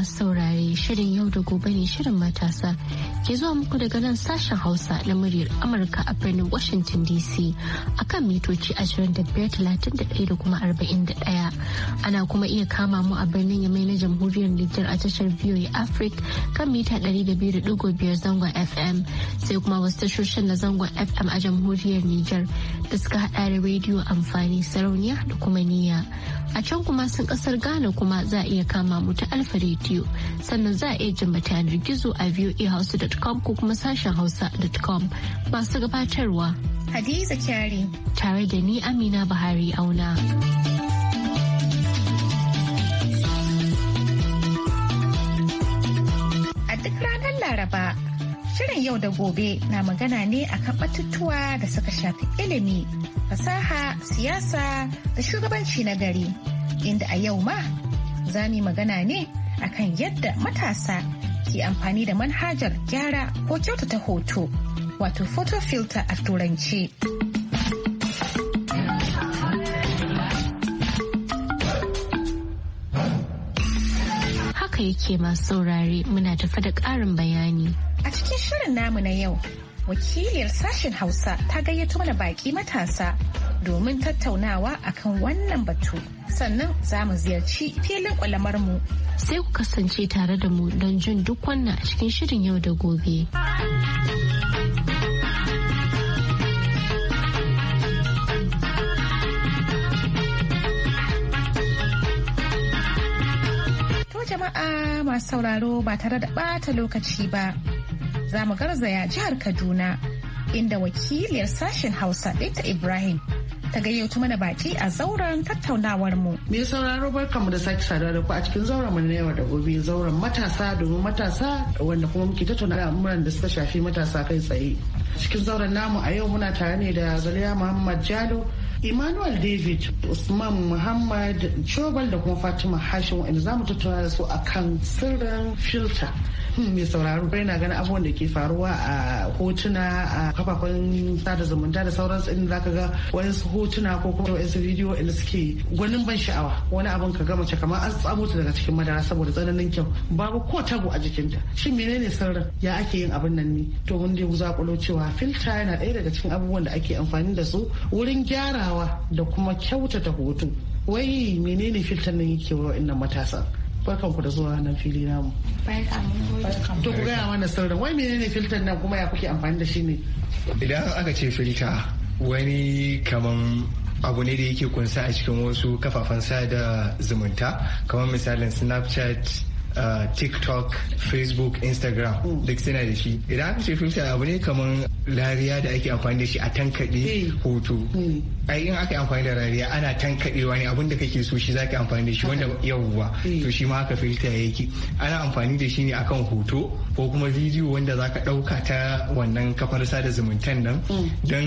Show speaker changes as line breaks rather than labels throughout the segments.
masu saurare shirin yau da gobe ne shirin matasa ke zuwa muku daga nan sashen Hausa na muryar Amurka a birnin Washington DC akan mitoci 25,31 da kuma 41. Ana kuma iya kama mu a birnin Yamai na Jamhuriyar Nijar a tashar VOA Africa kan mita 200.5 zangon FM sai kuma wasu tashoshin na zangon FM a Jamhuriyar Nijar da suka hada da rediyo amfani sarauniya da kuma niyya. A can kuma sun kasar Ghana kuma za a iya kama mu ta Alfa rediyo sannan za a iya jin yanar gizo a house hausa.com ko kuma sashen hausa.com masu gabatarwa. Hadiza Kyari. Tare da ni Amina Buhari auna.
A duk ranar Laraba, shirin yau da gobe na magana ne akan batutuwa da suka shafi ilimi, fasaha, siyasa da shugabanci na gari. Inda a yau ma, za mu magana ne akan yadda matasa ke amfani da manhajar gyara ko kyautata hoto wato photo filter
a turance. Haka yake masu saurare muna tafa da ƙarin bayani. A cikin shirin namu na yau, wakiliyar sashen
Hausa ta gayyato mana baƙi matasa domin tattaunawa a kan wannan batu.
Sannan za mu ziyarci filin mu. Sai ku kasance tare da mu don jin duk wannan a cikin shirin yau da gobe.
To jama'a masu sauraro ba tare da ɓata lokaci ba za mu garzaya jihar kaduna inda wakiliyar sashen hausa ɗinta ibrahim ta gayyato mana baki a zauren tattaunawar mu.
Me sauraro barkamu da sake saduwa da ku a cikin zauren mu na yau da gobe zauren matasa domin matasa wanda kuma muke tattauna al'amuran da suka shafi matasa kai tsaye. Cikin zauren namu a yau muna tare ne da Zaliya Muhammad Jalo Emmanuel David Usman Muhammad Chobal da kuma Fatima Hashim wanda za mu tattauna da su akan sirrin filta mai sauraro kai na ganin abubuwan da ke faruwa a hotuna a kafafen sada zumunta da sauransu inda ka ga wani hotuna ko kuma wasu bidiyo inda suke gwanin ban sha'awa wani abin ka gama kamar an tsamo ta daga cikin madara saboda tsananin kyau babu ko tagu a jikinta shin menene sirrin ya ake yin abin nan ne to mun dai zakulo cewa filta yana ɗaya daga cikin abubuwan da ake amfani da su wurin gyarawa da kuma kyautata hoto wai menene filtan nan yake wa matasa barkanku ku da zuwa nan fili namu to ku gaya mana sirrin wai menene filter nan kuma ya kuke amfani da shi ne
idan aka ce filter wani kaman abu ne da yake kunsa a cikin wasu kafafen sada zumunta kamar misalin snapchat Uh, tiktok facebook instagram duk suna da shi idan aka ce filter abu ne kamar rariya da ake amfani da shi a tankaɗe eh. hoto hmm. ai in aka amfani da rariya ana tankaɗewa ne da kake so shi zaka amfani da shi wanda yawwa eh. to shi ma haka filter yake ana amfani da shi ne akan hoto ko kuma bidiyo wanda zaka ɗauka ta wannan kafar sada zumuntan nan hmm. don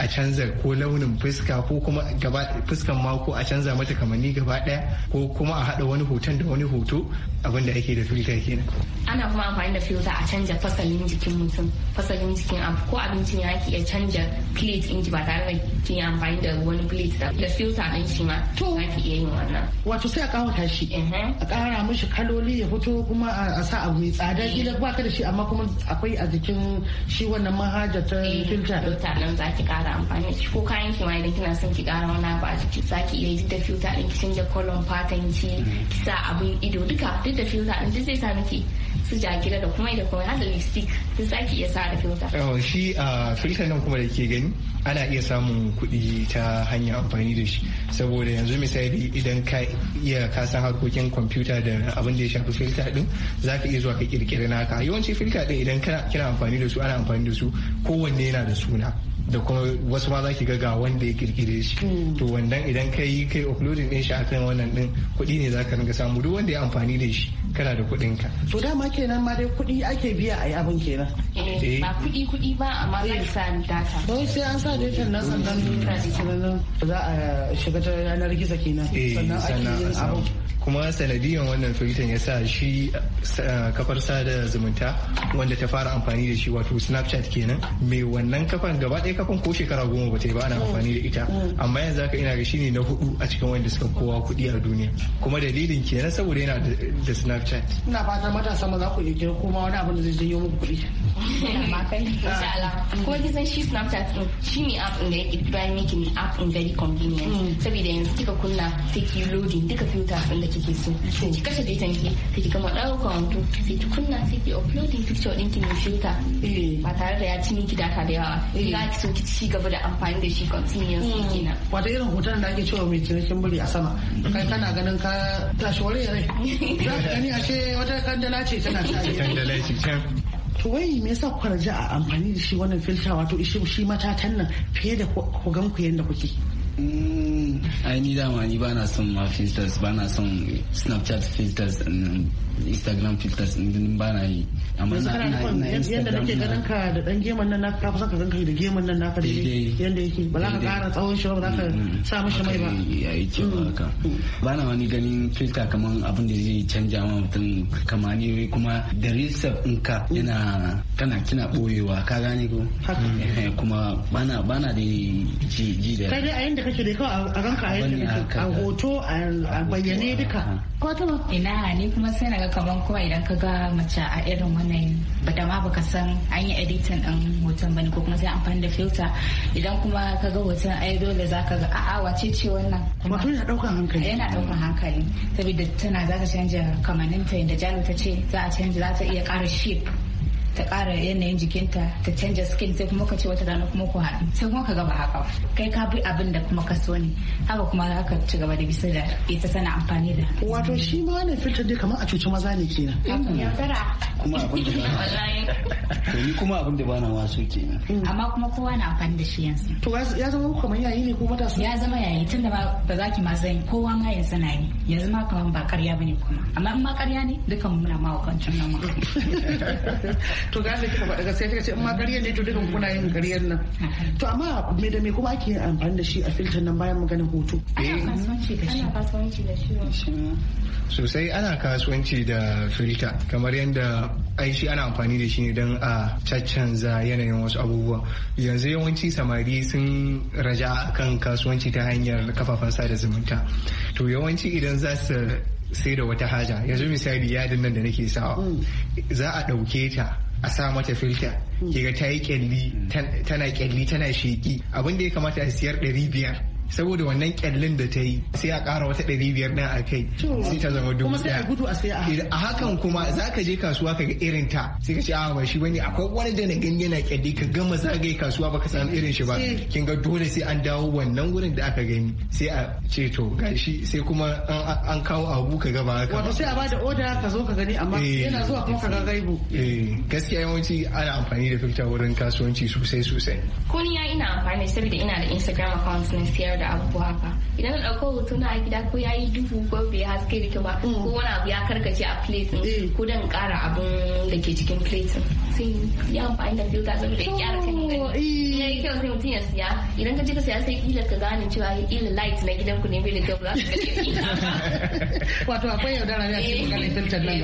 a canza ko launin fuska ko kuma gaba fuskan ma a canza mata kamanni gaba ɗaya ko kuma a haɗa wani hoton da wani hoto abin da ake da filter kenan
ana kuma amfani da filter a canja fasalin jikin mutum fasalin jikin ko abincin ya ke iya canja plate in ba tare da kin yi amfani da wani plate da da filter din shi ma to ki iya yin wannan
wato sai a kawata shi a kara mishi kaloli ya fito kuma a sa abu mai tsada eh. kila ba ka da shi amma kuma akwai a jikin shi wannan manhaja ta eh, filter nan za ki kara amfani da shi ko kayan ki ma idan kina son ki kara wani abu a jiki za ki iya yi da filter
din ki canja kolon fatan ki hmm. ki sa abin ido duka duk da filta an duk zai sa miki su jagira da kuma da kuma hada lipstick duk za iya sa da oh, ah, filter.
shi a filta nan kuma da ke gani ana iya samun kuɗi ta hanyar amfani da shi saboda yanzu misali idan ka iya ka san harkokin kwamfuta da abin da ya shafi filta din za ka iya zuwa ka kirkiri naka yawanci filta din idan kina amfani da su ana amfani da su kowanne yana da suna da kuma wasu ma za ki ga ga wanda ya kirkire shi hmm. to wannan idan ka yi kai uploading din shi akan wannan din kuɗi ne za ka ringa samu duk wanda ya amfani da shi kana da kuɗin ka to dama
kenan ma dai kuɗi ake biya a yi abin kenan Eh, ba eh. kuɗi kuɗi ba amma zai sa data ba sai an sa data na sannan za a shiga ta yanar gizo kenan
eh, sannan ake yin abu
kuma sanadiyan wannan filtan ya sa shi kafar sada zumunta wanda ta fara amfani da shi wato snapchat kenan mai wannan kafan gaba ɗaya kafan ko shekara goma ba ta yi ba ana amfani da ita amma yanzu haka ina ga shine na hudu a cikin wanda suka kowa kuɗi a duniya kuma dalilin kenan saboda yana da snapchat
ina fatan matasa maza ku je kuma wani abin da zai janyo muku kuɗi Mm. kuma kisan shi
snapchat din shi ne app da ya kirkira miki ne app din very convenient mm. saboda yanzu kika kunna sai ki loading duka filters din da kike so ki kashe datan ki sai ki gama daukan hoto sai ki kunna sai ki uploading picture din ki ne filter eh. ba tare da ya ci miki data da yawa za eh. ki
so ki ci gaba da amfani da shi continuously mm. kenan wata irin hoton da ake cewa mai cinikin buri a sama kai kana ganin ka tashi wari rai za ka gani ashe wata kandala ce tana tashi kandala ce to wai me yasa ku raja a amfani da shi wannan filta wato shi matatan nan fiye da ku yadda ku yanda kuke mm,
kullum aini dama ni bana son ma filters bana son snapchat filters mm, instagram filters din bana yi amma na ina yanda nake ganin ka da dan geman nan naka kafa ka ganka da geman
nan naka daidai yanda yake ba za ka kara tsawon shi ba za ka sa mishi mai ba ka. kyau
mm. haka bana wani ganin filter kaman abin da zai canja ma mutum kamar ne kuma da real self ka yana kana kina boyewa ka gane ko eh, kuma bana bana da ji da kai dai
a yanda kake da kawai a ranka a yadda
a hoto a bayyane duka
ko to ina ni kuma sai naga kaman kuma idan ka ga mace a irin wannan ba da ma baka san an yi editin din hoton bane ko kuma sai amfani da filter idan kuma ka ga hoton ai dole ka ga a'a wace ce wannan kuma to yana daukan hankali yana daukan hankali saboda tana zaka canja ta yadda jalo ta ce za a canja za ta iya ƙara shape ta ƙara yanayin jikinta ta canja skin sai kuma ka ce wata rana kuma ku haɗu sai kuma ka gaba haka kai ka bi abin da kuma ka so ne haka kuma haka ci gaba da bisa da ita sana amfani da
wato shi ma ne fitar dai kamar a cuci maza ne kenan eh,
kuma abin da
ba ni kuma abin da bana wasu kenan
hmm. amma kuma kowa na amfani da shi yanzu to ya zama kamar yayi ne ko matasa ya zama yayi tun da ba za ki ma zan kowa ma yanzu na yi yanzu ma kamar ba karya bane kuma amma in ma karya ne dukan muna ma wakancin
nan to gashi kika faɗa gaskiya kika ce in ma ƙaryan ne to dukan kuna yin gariyar nan
to amma me da me kuma ake yin amfani da shi a filter nan bayan maganin hoto ana
kasuwanci da shi
sosai ana kasuwanci da filter kamar yadda ai shi ana amfani da shi ne don a caccanza yanayin wasu abubuwa yanzu yawanci samari sun raja kan kasuwanci ta hanyar kafafen sada zumunta to yawanci idan za su sai da wata haja yanzu misali yadin nan da nake sawa mm. za a ɗauke ta a sa mata filta kiga ta yi kyalli mm. tana kyalli tana sheki abin da ya kamata a siyar ɗari biyar saboda wannan kyallin da ta yi sai a ƙara wata ɗari biyar ɗin a kai sai ta zama dubu gudu a sai a hakan kuma za ka je kasuwa ka ga irin ta sai ka ce a ba shi bane akwai wani da na gani yana kyalli ka gama zagaye kasuwa baka samu irin shi ba eh. kin ga dole sai an dawo wannan wurin da aka gani sai a ce to gashi sai kuma an kawo abu ka gaba haka wato sai a bada
oda ka zo ka gani amma eh. yana zuwa kuma ka ga
gaibu eh, gaskiya yawanci ana amfani da filta wurin kasuwanci sosai sosai ko
ni ya ina amfani saboda ina da Instagram account na siyar da abu haka idan na ɗauko hoto na gida ko ya yi duhu ko bai haske da kyau ba mm. ko wani abu ya karkace a plate mm. ko dan ƙara abun da ke cikin plate sai ya amfani da filter saboda ya gyara kan ya yi kyau sai mutum ya siya idan ka je ka siya sai kila ka gane cewa ila light na gidan ku ne bai da kyau ba
wato akwai yau yaudara ne a cikin maganar eh, filtar nan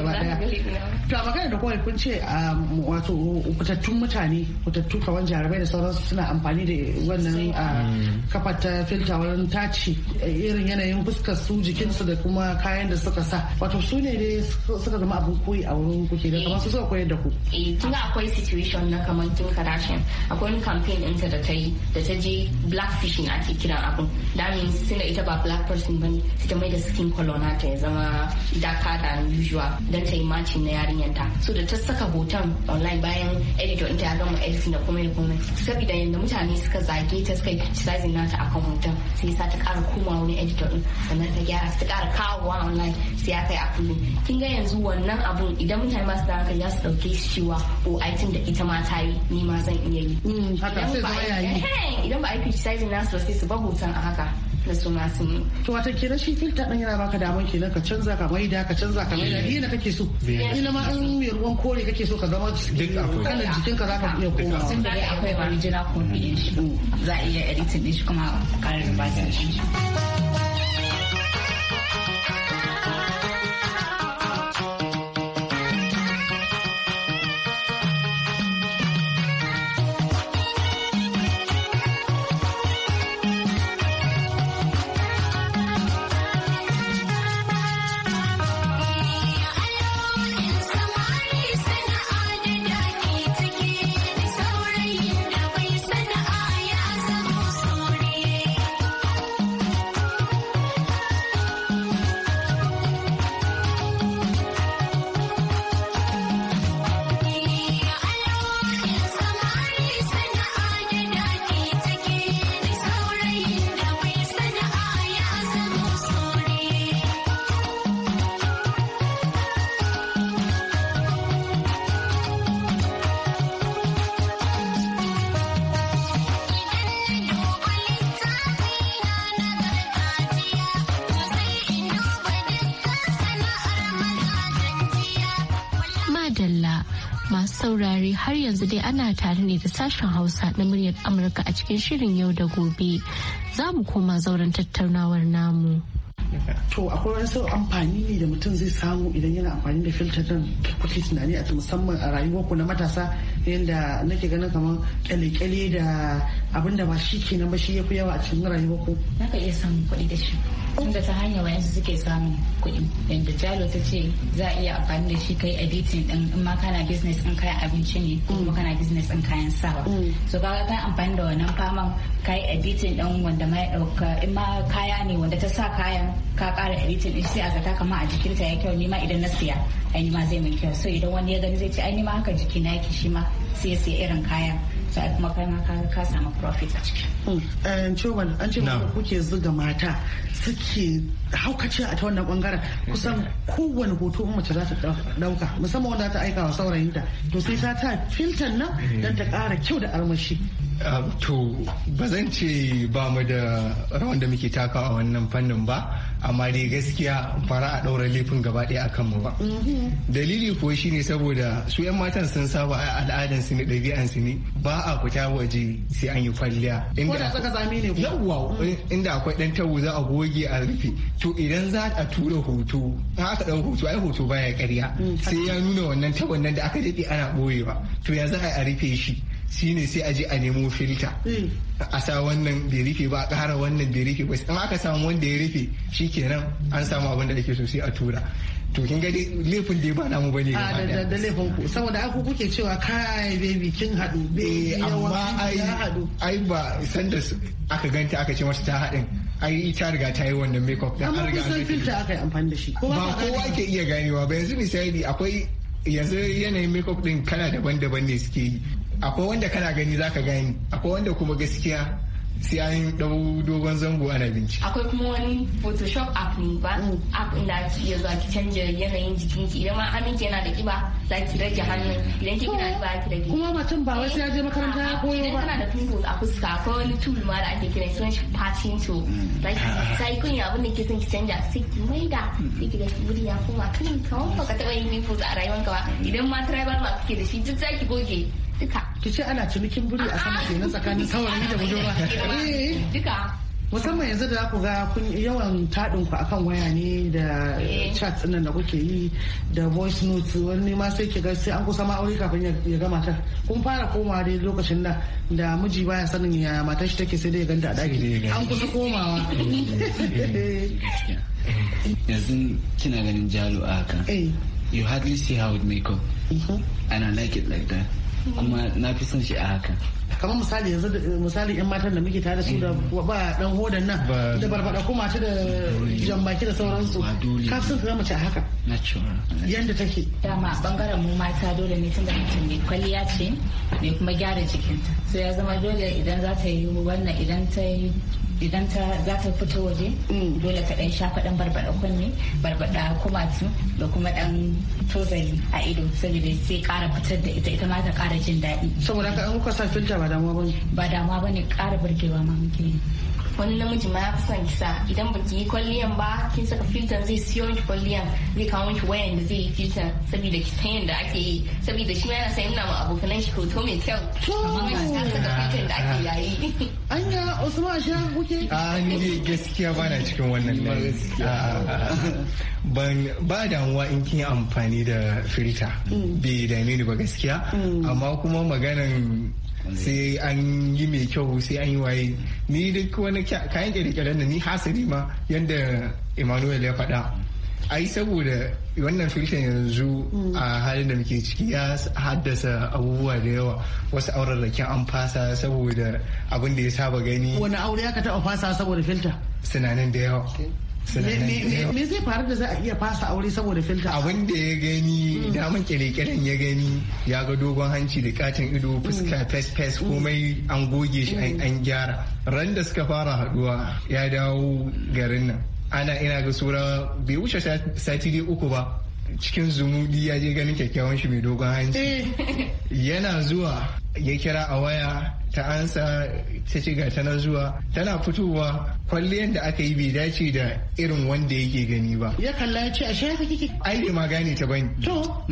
gaba daya to a maganar da kawai kun ce um, wato fitattun mutane fitattun kawan jarabai da sauransu suna amfani da wannan uh, hmm. kafar ta filta wurin taci eh, irin yanayin fuskar su jikinsu da kuma kayan da suka sa wato su ne dai suka zama abin koyi a wurin ku ke da kamar su suka koyar da ku. eh, eh tun akwai situation na kamar tun karashin akwai wani campaign ɗinta
da ta yi da ta je black fishing ake kiran abun that means tunda ita ba black person bane ta mai da skin color ta ya zama daka than usual dan ta yi matching na yarinyar ta so da ta saka hoton online bayan editor ɗinta ya gama editing da kuma da kuma saboda yanda mutane suka zage ta suka yi criticizing nata akan hoton sai sa ta ƙara kuma wani editor ɗin sannan ta gyara ta ƙara kawowa online sai ya kai a kullum kin ga yanzu wannan abun idan mutane su da hankali za su ɗauke shi cewa o oh, aitin da ita ma ta yi ni ma zan iya yi.
Mm, idan
ba a yi criticizing nasu ba sai su ba hoton a haka da su ma yi
to wata ke rashin filta ɗan yana baka damar kenan ka canza ka maida ka canza ka maida ni da kake so ina ma an mai ruwan kore kake so ka zama kalan jikinka za ka iya koma sun da akwai original copy din
shi mm. za a iya editing din shi kuma karin ba shi
ana tare ne da sashen Hausa na muryar Amurka a cikin shirin yau da gobe. Za mu koma zauren tattaunawar namu.
To akwai wani sau amfani ne da mutum zai samu idan yana amfani da filter din kuke tunani a musamman a rayuwarku na matasa yadda nake ganin kamar kyalekyale da abinda da ba shi kenan ba shi ya fi yawa a cikin rayuwa ko. Naka iya samun kuɗi da shi. Tunda ta hanyar
wayansu suke samun kuɗi. Yadda Jalo ta ce za a iya amfani da shi kai editing din in ma kana business din kayan abinci ne ko kuma kana business din kayan sawa. Mm. So kaga kai amfani da wannan faman kai editing din wanda ma ya ɗauka in ma kaya ne wanda ta sa kayan ka ƙara editing din sai a zata kama a jikinta ya kyau ni ma idan na siya ai ma zai mai kyau so idan wani ya gani zai ce ai ma haka jiki na yake shi ma sai sai irin kayan sai kuma kai ma ka samu
profit a ciki. Hmm. Eh, an ce an ce kuke zuga mata suke haukace a ta wannan bangaren kusan kowane hoto mace za ta dauka musamman wanda ta aika wa saurayinta to sai ta ta filtan nan hmm. dan ta kara kyau da armashi.
Ah, to ba zan ce ba mu da rawan da muke takawa a wannan fannin ba amma dai gaskiya fara a ɗaura laifin gaba ɗaya a kanmu ba dalili kuwa ne saboda su 'yan matan sun saba a al'adan su ne ɗabi'an ne ba a fita waje sai an yi kwalliya inda yawwa eh, inda akwai ɗan tawo za a goge a rufe to idan za a tura hoto in aka ɗau hoto ai hoto baya ƙarya mm. sai ya nuna wannan tabon nan da aka daɗe ana ɓoyewa to ya za a rufe shi shine sai aje a nemo filta hmm. a sa wannan bai rufe ba a ƙara wannan bai rufe ba in aka samu wanda ya rufe shikenan an samu abin da ake so sai a tura to kin ga laifin da ya ba namu bane ba ah, da da laifin ku
saboda aku kuke cewa kai baby kin hadu eh amma ai
ai ba sanda aka ganta aka ce mata ta hadin ai ta riga ta yi wannan makeup da an riga an
filta aka yi amfani da shi ba kowa
ke iya ganewa ba yanzu misali akwai yanzu yanayin makeup din kala daban-daban ne suke yi akwai wanda kana gani zaka gani akwai wanda kuma gaskiya sai an dau dogon zango ana bincike.
Akwai kuma wani Photoshop app ne ba, mm. app inda ake iya zuwa ki canja yanayin jikinki idan ma hannunki yana da kiba za ki rage hannun idan ki kina ba ki rage kuma mutum ba wai sai ya je makaranta ya eh, koyo ba idan kana da tulu a fuska ko wani tulu ma da ake kira sunan shi to za ki sai kun abin da ke son ki canja sai ki maida sai ki da wuri ya koma clean kawai ka taba yin nipples a ka ba idan ma tribal ma kike da shi duk za ki goge duka
ki ce ana cinikin buri a sama na tsakanin saurayi
da budurwa duka
musamman yanzu da ku ga kun yawan taɗin ku akan waya ne da eh. chat nan da kuke yi da voice notes wani ma sai ki ga sai an kusa ma aure kafin ya ga matar kun fara komawa dai lokacin da da miji baya sanin
ya matar shi take sai dai ya ganta a ɗaki an
kusa komawa eh,
yanzu kina ganin jalo a haka eh. you hardly see how it make up mm-hmm. and I like it like that mm-hmm. kuma na fi son shi a haka
kamar misali yanzu misali yan matan da muke tare da su da
mm. ba dan hodan nan da barbada
kuma ta da jambaki da sauransu ka sun ga mace a haka yanda take dama bangaren mu
mata dole ne tunda mutum mai kwalliya ce mai kuma gyara jikinta sai ya zama dole idan za ta yi wannan idan ta yi idan ta za ta fito waje mm. dole ta dan shafa dan barbada kunne barbada kumatu da kuma dan tozali a ido saboda sai kara fitar da ita ita ma ta kara jin daɗi saboda ka an kuka sa cewa ba damuwa bane ba damuwa bane kara burgewa ma muke yi wani namiji ma ya fi son kisa idan baki yi kwalliyan ba
kin saka filtan zai siyo miki kwalliyan zai kawo miki wayan da zai yi filtan saboda ki san yadda ake yi saboda shi ma yana san yana ma abokanan shi hoto mai kyau amma ba ta saka filtan da ake yayi
anya Usman shi
kuke a ni gaskiya ba na cikin wannan ban ba damuwa in kin amfani da filta mm. bai dame ni ba gaskiya mm. amma kuma maganan sai an yi mai kyau sai an yi waye ni duk wani kayan kirkiren da ni hasari ma yadda emmanuel ya faɗa ai saboda wannan filter yanzu mm. a halin da muke ciki ya haddasa abubuwa da yawa wasu auren aurarrakin an fasa saboda abin da ya saba gani wani aure aka taɓa fasa saboda filter sinanin da yawa me
zai faru da za a iya fasa aure saboda filta abin da ya gani daman kere-keren ya
gani ya ga dogon hanci da katin ido fuska fes-fes mm. komai an goge shi an gyara ran da suka fara haduwa ya dawo garin nan ana ina ga sura bai wuce sati uku ba cikin zumudi ya je ganin kyakkyawan shi mai dogon hanci eh. yana zuwa ya kira a waya ta ansa ta ci gata na zuwa tana fitowa kwalliyar da aka yi bai dace da irin wanda yake gani ba ya kalla ya ce a shafa kike ai bai ma gane ta bani to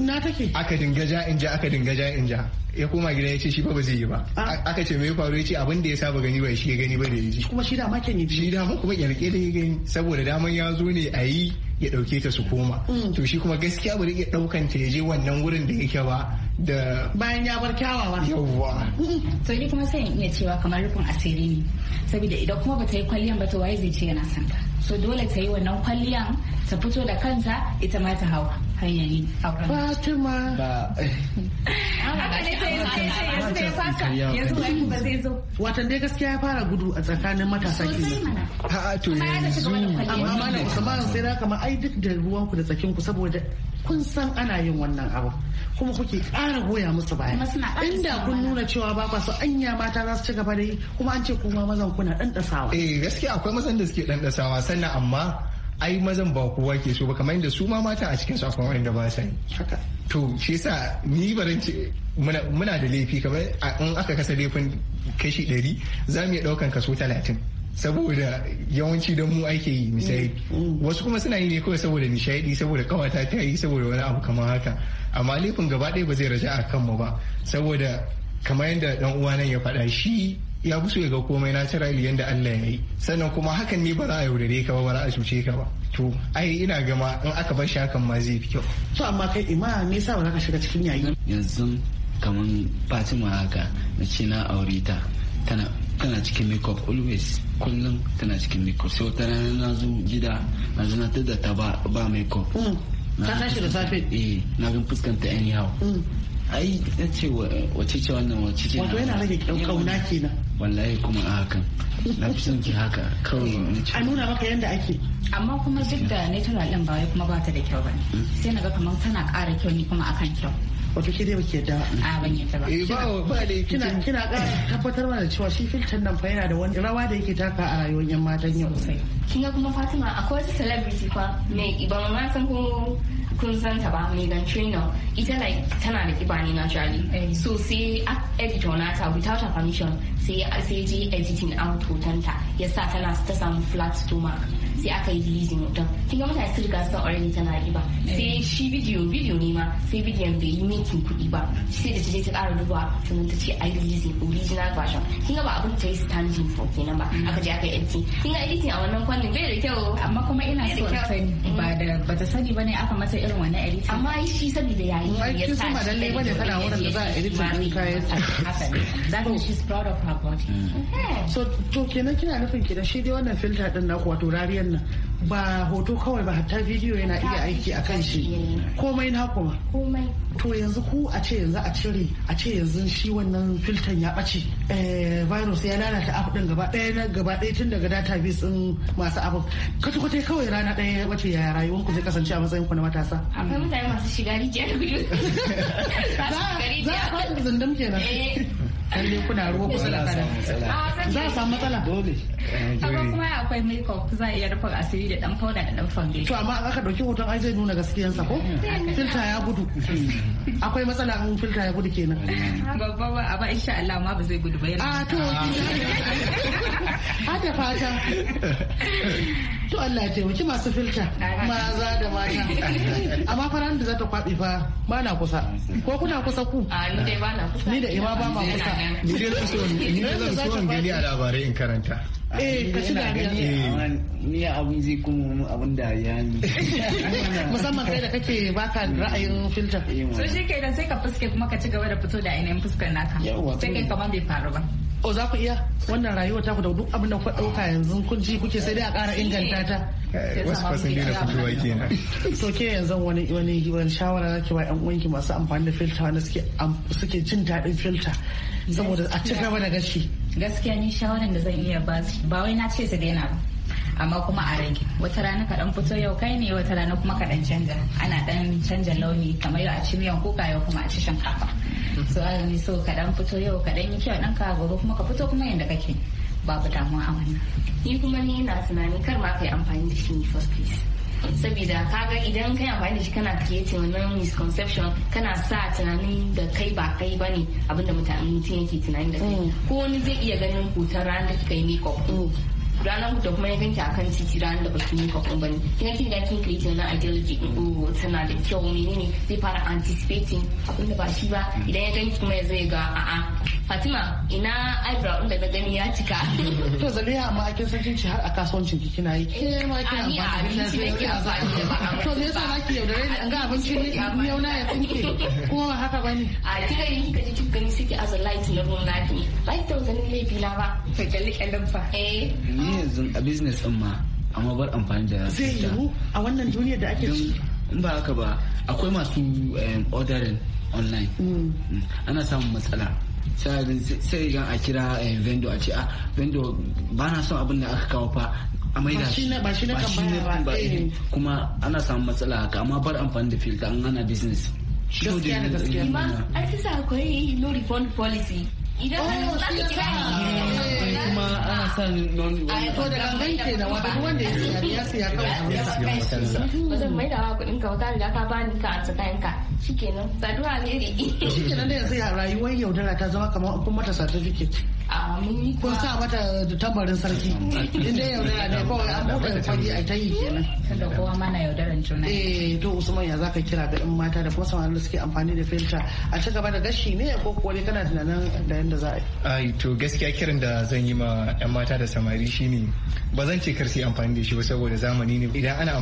na take aka dinga ja in ja aka dinga ja in ja ya koma gida ya ce shi ba ba zai yi ba ah. aka ce mai faru ya ce abin da ya saba gani ba shi ya gani ba da ya ji kuma shi da maka ne shi da ma kuma rike da ya gani saboda daman ya zo ne a yi ya dauke ta su koma mm. to shi kuma gaskiya bari ya daukan ta ya je wannan wurin da yake ba da bayan ya bar kyawawa yawwa
to ni kuma sai in iya cewa kamar rufin asiri ne saboda idan kuma bata yi kwalliyan ba to waye zai ce yana santa. so dole ta yi wannan kwalliyan ta fito da kanta ita ma ta hau hanyoyi auren Fatima ba haka ne ta
yi ba zai zo watan dai gaskiya ya fara gudu a tsakanin matasa ke a to yanzu amma mana usman sai na kama ai duk da ruwan ku da tsakin ku saboda kun san ana yin wannan abu kuma kuke ƙara goya musu baya inda kun nuna cewa ba kwa so anya mata za su ci gaba da yi kuma an ce kuma mazan kuna dan dasawa
eh gaskiya akwai mazan da suke dan dasawa matan na amma ai mazan ba kowa ke so ba kamar yadda su ma mata a cikin safon wanda ba sa yi. to shi yasa ni barin ce muna da laifi kamar in aka kasa laifin kashi ɗari za mu iya ɗaukan kaso talatin saboda yawanci don mu ake yi misali mm. wasu kuma suna yi ne kawai saboda nishaɗi saboda kawata ta yi saboda wani abu kamar haka amma laifin gaba ɗaya ba zai raja a kanmu ba saboda kamar yadda ɗan uwa nan ya faɗa shi ya busu ya ga komai naturally yanda Allah ya yi sannan kuma hakan ne ba za a yaudare ka ba ba za a cuce ka ba to ai ina gama in aka bar shi hakan ma zai fi kyau to amma kai ima me yasa ba za ka
shiga cikin yayi yanzu kaman Fatima haka na ce na aure ta tana tana cikin makeup always kullum tana cikin makeup sai wata rana na zo gida na zo na tada ta ba ba makeup mm. ta tashi da safe eh na ga fuskanta anyhow mm. ai ta ce wace ce wannan wace ce wato yana rage kauna kenan wallahi kuma a hakan na fi son ki haka kawai
a nuna maka yadda ake
amma kuma duk da natural din ba wai kuma ba ta da kyau ba hmm? sai na ga kamar tana ƙara kyau ni kuma akan kyau
wato ke dai baki yadda a ban yadda ba eh, ba da kina kina ƙara tabbatar mana cewa shi filtan nan fa yana da wani rawa da yake taka a rayuwar yan matan yau kin ga kuma Fatima akwai
wata celebrity fa mai ban ma san ko kun san ta ba mai dan ita like tana da kiba ne naturally eh. so sai editor nata without her permission sai sai je editing out hotonta yasa tana ta samu flat stomach sai aka yi releasing hoton kin ga mutane sun riga sun already tana da kiba eh. sai shi video video ne ma sai bidiyon bai yi aikin kuɗi ba sai da ta je ta ƙara duba sannan ta ce ai releasing original version kin ga ba abin ta yi standing for kenan ba aka je aka editing kin ga editing a wannan fannin bai da kyau amma kuma ina so sani
mm. ba da ba ta sani bane aka mata irin wannan editing amma shi saboda yayi ya sa ba lalle bane kana wurin da za a editing din kayan
that means she's proud of her body mm. so to kenan kina nufin ki da shi dai wannan filter din naku wato rariyar nan ba hoto kawai ba hatta bidiyo yana iya aiki a kan shi komai na kuma to yanzu ku a ce yanzu a cire a ce yanzu shi wannan filtan ya ɓace eh, virus ya lalata app din gaba ɗaya na gaba ɗaya tun daga data bis din masu abu kwata-kwata kawai rana ɗaya ya ɓace ya rayuwar ku zai kasance a matsayin ku na matasa akwai
mutane masu shiga rijiyar gudu
za a zindam kenan eh.
lalle kuna ruwa kusa da kada za a samu matsala dole amma kuma
akwai makeup za a iya rufe asiri da dan
powder da dan foundation to amma aka dauki hoton ai zai nuna gaskiyansa ko hmm. filta ya gudu akwai matsala an filta ya gudu kenan babba ba
amma insha Allah ma ba zai gudu ba yana a ah, to
hada fata to Allah ya taimaki masu filta maza da mata amma faran da za ta kwabi fa ba na kusa ko kuna kusa ku ah, ni da ima ba ma kusa Ni dai zan so ni dai zan so in gani a labarai
in karanta. Eh ka ci dariya.
Ni abin zai kuma abin da ya ni. Musamman kai da kake baka ra'ayin filter. Eh, so shi
ke sai ka fuske kuma ka ci gaba da fito da ainihin fuskar naka. Sai kai kamar bai faru ba.
O za ku iya wannan rayuwa ta ku da duk abin da kuka ɗauka yanzu kun ji kuke sai dai a ƙara inganta ta. wasu fasinjina na fitowa
kenan
to ke yanzu wani wani wani shawara zaki ba yan uwanki masu amfani da filta wanda suke suke daɗin filta saboda a ci gaba da gashi
gaskiya ni shawaran da zan iya ba ba wai na ce su daina ba amma kuma a rage wata rana ka dan fito yau kai ne wata rana kuma ka dan canja ana ɗan canja launi kamar yau a ci miyan kuka yau kuma a ci shinkafa so azumi so ka fito yau ka dan yi kyau dan ka gobe kuma ka fito kuma yanda kake babu damuwa a wannan ni kuma ni ina tunani kar ma kai amfani da shi ne first
place saboda kaga idan kai amfani da shi kana creating wannan misconception kana sa tunanin da kai ba kai bane abinda mutane mutum yake tunani da kai mm. ko wani zai iya ganin hoton ranar da kika yi makeup mm. ranar da kuma ya ganki akan titi ranar da baki yi kwakwan bane kin kin da kin create wannan ideology din oh tana da kyau ne zai fara anticipating abin da ba shi ba idan ya ganki kuma ya zai ga a'a Fatima ina eyebrow din da gani ya cika
to zaliya amma kin san cin ci har a kasuwancin ki kina yi ke eh, ma kina ba a abinci ne a amfani da ba to me yasa naki yaudare ne? an ga abinci ne yau na ya tsinke
kuma ba haka bane a kika yi kika ji kika gani suke as a light na ruwan lafi light da wani laifi
na ba ka kalli kyallen fa eh
ni yanzu a business din ma amma bar amfani da zai yiwu a wannan duniyar da ake ciki in ba haka ba akwai masu ordering online mm. Mm. ana samun matsala sai gan a kira vendor a ce a ah, vendor ba na son abin da aka kawo fa a da shi ba shi na kan ba eh. Eh. kuma ana samun matsala haka amma bar amfani da filta an ana business gaskiya da gaskiya ma
ai sa akwai no refund policy idan wani za ka kuma ana
sa non a to da gangan ke da wata wanda ya siya kawai ya siya kansa
ba wa kuɗin ka ka riga ka bani ka ansa kayan ka shikenan saduwa ne shikenan da yanzu ya
rayuwar yaudara ta zama kamar kun ta certificate kun sa mata da tabarin sarki inda yaudara ne kawai an buɗe fage a ta yi kenan kada kowa mana yaudaran juna eh to usman ya zaka kira ga yan mata da kuma samarin da suke amfani da filta a ci gaba da gashi ne ko kuwa dai kana tunanin da yanda za a yi
ai to gaskiya kiran da zan yi ma yan mata da samari shine ba zan ce kar su amfani da shi ba saboda zamani ne idan ana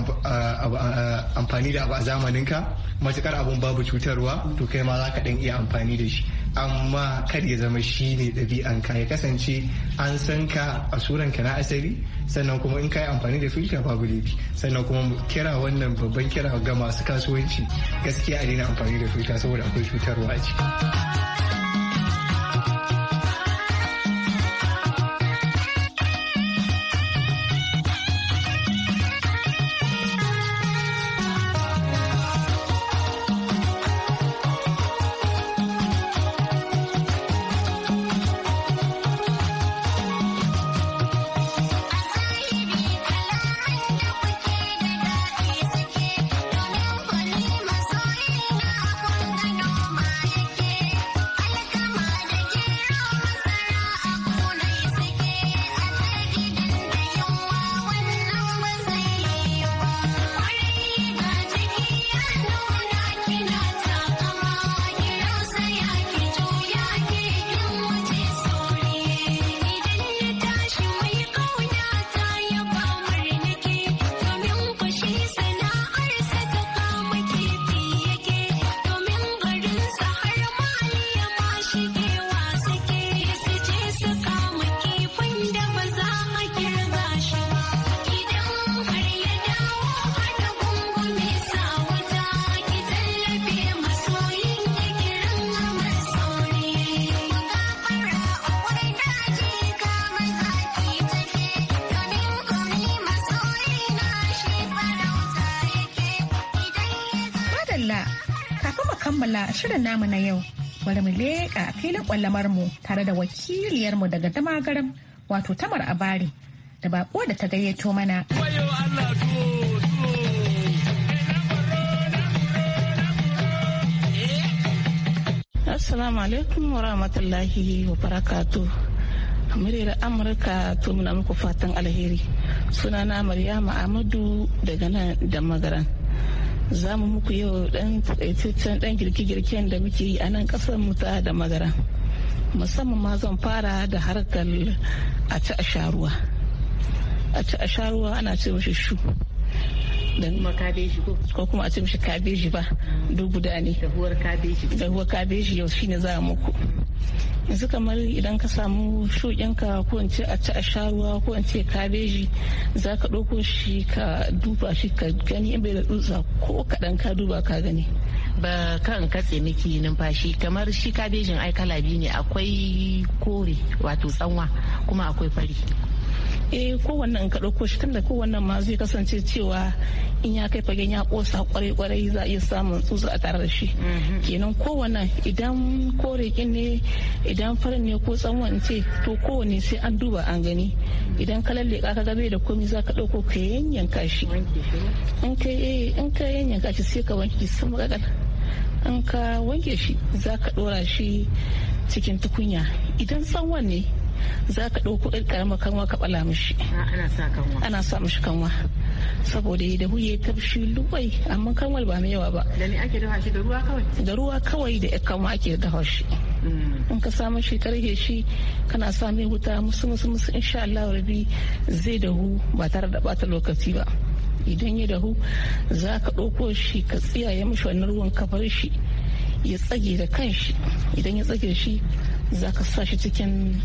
amfani da abu a zamanin ka matukar abun babu cutarwa to kai ma za ka dan iya amfani da shi amma kar ya zama shi ne ɗabi'anka ya kasance an san ka a suranka na asali sannan kuma in ka yi amfani da filka babu laifi sannan kuma kira wannan babban kira ga masu kasuwanci gaskiya a daina amfani da filka saboda akwai cutarwa a ciki.
Allah kafin mu kammala shirin namu na yau bari mu leƙa filin ƙwallamar mu tare da wakiliyar mu daga damagaram wato tamar abari da bako da ta gayyato mana.
Assalamu alaikum wa rahmatullahi wa barakatu. Muryar Amurka to muna muku fatan alheri. Sunana Maryama Amadu daga nan da magaran. za mu muku yau dan taitaccen dan girke-girken da muke yi a nan kasar mu ta da magara musamman ma zan fara da harkar a ci a sharuwa a ci a sharuwa ana ce mashi shu da kuma kabeji ko kuma a ce mishi kabeji ba duk guda ne dahuwar kabeji dahuwar kabeji yau shine za mu muku yanzu kamar idan ka samu ka ko in ce a ci a sha ruwa ko in ce kabeji za ka ɗauko shi ka duba shi ka gani in bai da tsutsa ko kaɗan ka duba ka gani ba kan katse miki numfashi kamar shi kabejin ai kala biyu ne akwai kore wato tsanwa kuma akwai fari eh kowanne in ka ɗauko shi tunda kowanne ma zai kasance cewa in ya kai fagen ya ƙosa kwarai-kwarai za a iya samun tsutsu a tare da shi mm-hmm. kenan kowanne idan korekin ne idan farin ne ko tsanwan ce to kowanne sai an duba an gani idan ka lalle ka ga bai da komai za ka ɗauko ka yanyanka shi eh, in ka yanyanka shi sai ka wanke sun makakal in ka wanke shi za ka ɗora shi cikin tukunya idan tsanwan ne za ka ɗauko ɗan ƙaramar kanwa ka ɓala mishi ah, ana sa mishi kanwa saboda da huye ta shi luwai amma kanwal ba mai yawa ba da ruwa kawai da ruwa kawai da kanwa ake dafa shi mm. in ka samu shi karhe shi kana sa mai wuta musu musu musu insha Allah rabi zai dahu ba tare da bata lokaci ba idan ya dahu za ka ɗauko shi ka tsiyaye mishi wannan ruwan ka bar shi ya tsage da kanshi idan ya tsage shi za ka sa shi cikin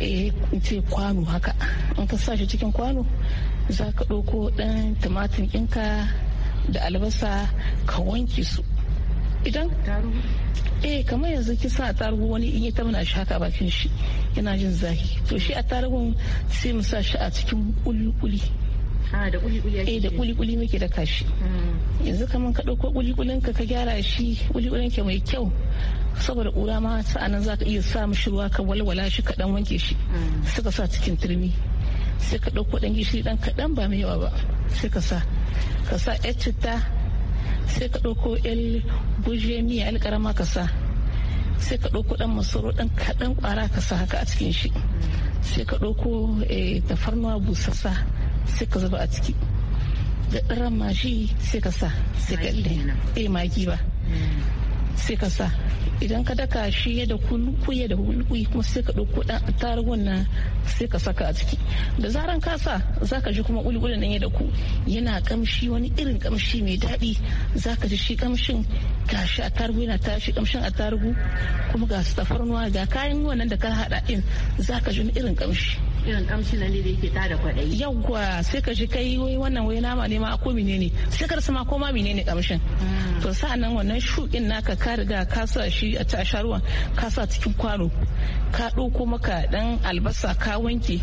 Eh, ce kwano haka in ka sa shi cikin kwano za ka ɗauko ɗan tumatir ɗinka da albasa ka wanke su idan eh kamar yanzu ki sa tarugu wani in ya muna shi haka bakin shi yana jin zafi to shi a tarugun sai mu sa shi a cikin kuli-kuli ah, da kuli-kuli eh, muke daka shi hmm. yanzu kamar ka ɗauko kuli ka gyara shi kuli-kulin mai kyau saboda ƙura ma sa'anan za ka iya sa mishi ruwa ka walwala shi ka dan wanke shi mm. suka sa cikin turmi sai ka ɗauko ɗan gishiri ɗan kaɗan ba mai yawa ba sai ka sa ka sa yar citta sai ka ɗauko El gujiyar miya yar ƙarama ka sa sai ka ɗauko ɗan masoro ɗan kaɗan ƙwara ka sa haka a cikin shi mm. sai ka ɗauko eh, tafarnuwa busassa sai ka zuba a ciki da ɗaran mashi sai ka sa sai ka ɗaya eh, magi ba mm. sai ka sa idan ka daka shi ya da kulkuye da kuma sai ka ɗauko ɗan tarugun nan sai ka saka a ciki da zaran ka sa za ka ji kuma ƙulƙulin nan ya da ku yana kamshi wani irin kamshi mai daɗi za ka ji shi kamshin shi a tarugu yana tashi ƙamshin a tarugu kuma ga tafarnuwa ga kayan wannan da ka haɗa ɗin za ka ji wani irin kamshi irin kamshin nan ne da yake tada kwaɗayi. Yau kuwa sai ka shi kai wai wannan wai nama ne ma ko menene sai ka rasa ma ko ma menene kamshin. Mm. To sa'annan wannan shuɗin naka ka riga ka sa shi a ta ruwan ka sa cikin kwano ka ɗauko maka ɗan albasa ka wanke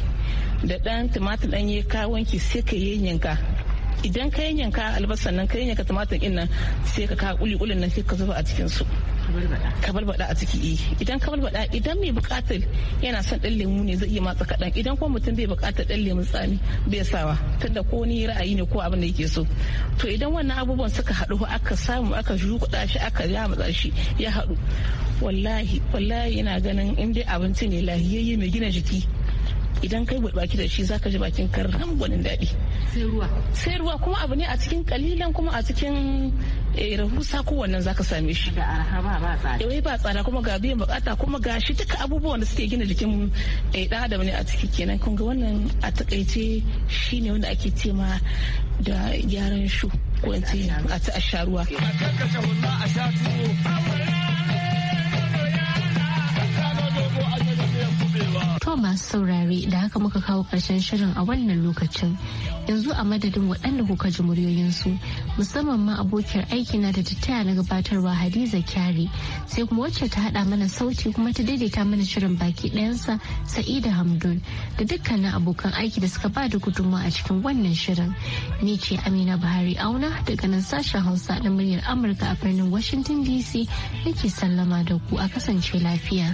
da ɗan tumatir ɗanye ka wanke sai ka yanyanka. idan ka yanka albasan nan ka yanka tumatir din nan sai ka kawo kuli kulin nan sai ka zuba a cikin su ka balbada a ciki eh. idan ka balbada idan mai bukatar yana son dan lemu ne zai iya matsa kadan idan kuma mutum bai bukatar dan lemun tsami bai sawa tunda ko ni ra'ayi ne ko abin da yake so to idan wannan abubuwan suka haɗu aka samu aka kuɗa shi aka matsa shi ya haɗu wallahi wallahi yana ganin in dai abinci ne lahiyayye mai gina jiki idan kai baki da shi zaka ji bakin karam gwanin daɗi sai ruwa sai ruwa kuma abu ne a cikin kalilan kuma a cikin eh, rahusa za ka same shi da araha ba ba tsada eh, wai ba tsada kuma ga biyan bukata kuma ga shi duka abubuwan da suke gina jikin eh, ɗan adam ne a ciki kenan kun ga wannan a takaice ne wanda ake ce ma da gyaran shu ko in ce a sha ruwa
a sha
masu saurare da haka muka kawo ƙarshen shirin a wannan lokacin. Yanzu a madadin waɗanda kuka ji muryoyinsu musamman ma abokiyar na da tattaya na gabatarwa Hadiza Kyari sai kuma wacce ta haɗa mana sauti kuma ta daidaita mana shirin baki ɗayansa Sa'ida Hamdun da dukkanin abokan aiki da suka ba da gudunmawa a cikin wannan shirin. Ni ce Amina Buhari Auna daga nan sashen Hausa na muryar Amurka a birnin Washington DC nake sallama da ku a kasance lafiya.